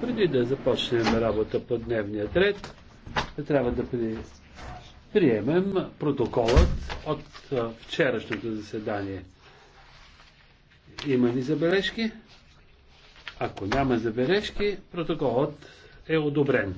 Преди да започнем работа по дневния ред, трябва да при... приемем протоколът от вчерашното заседание. Има ли забележки? Ако няма забележки, протоколът е одобрен.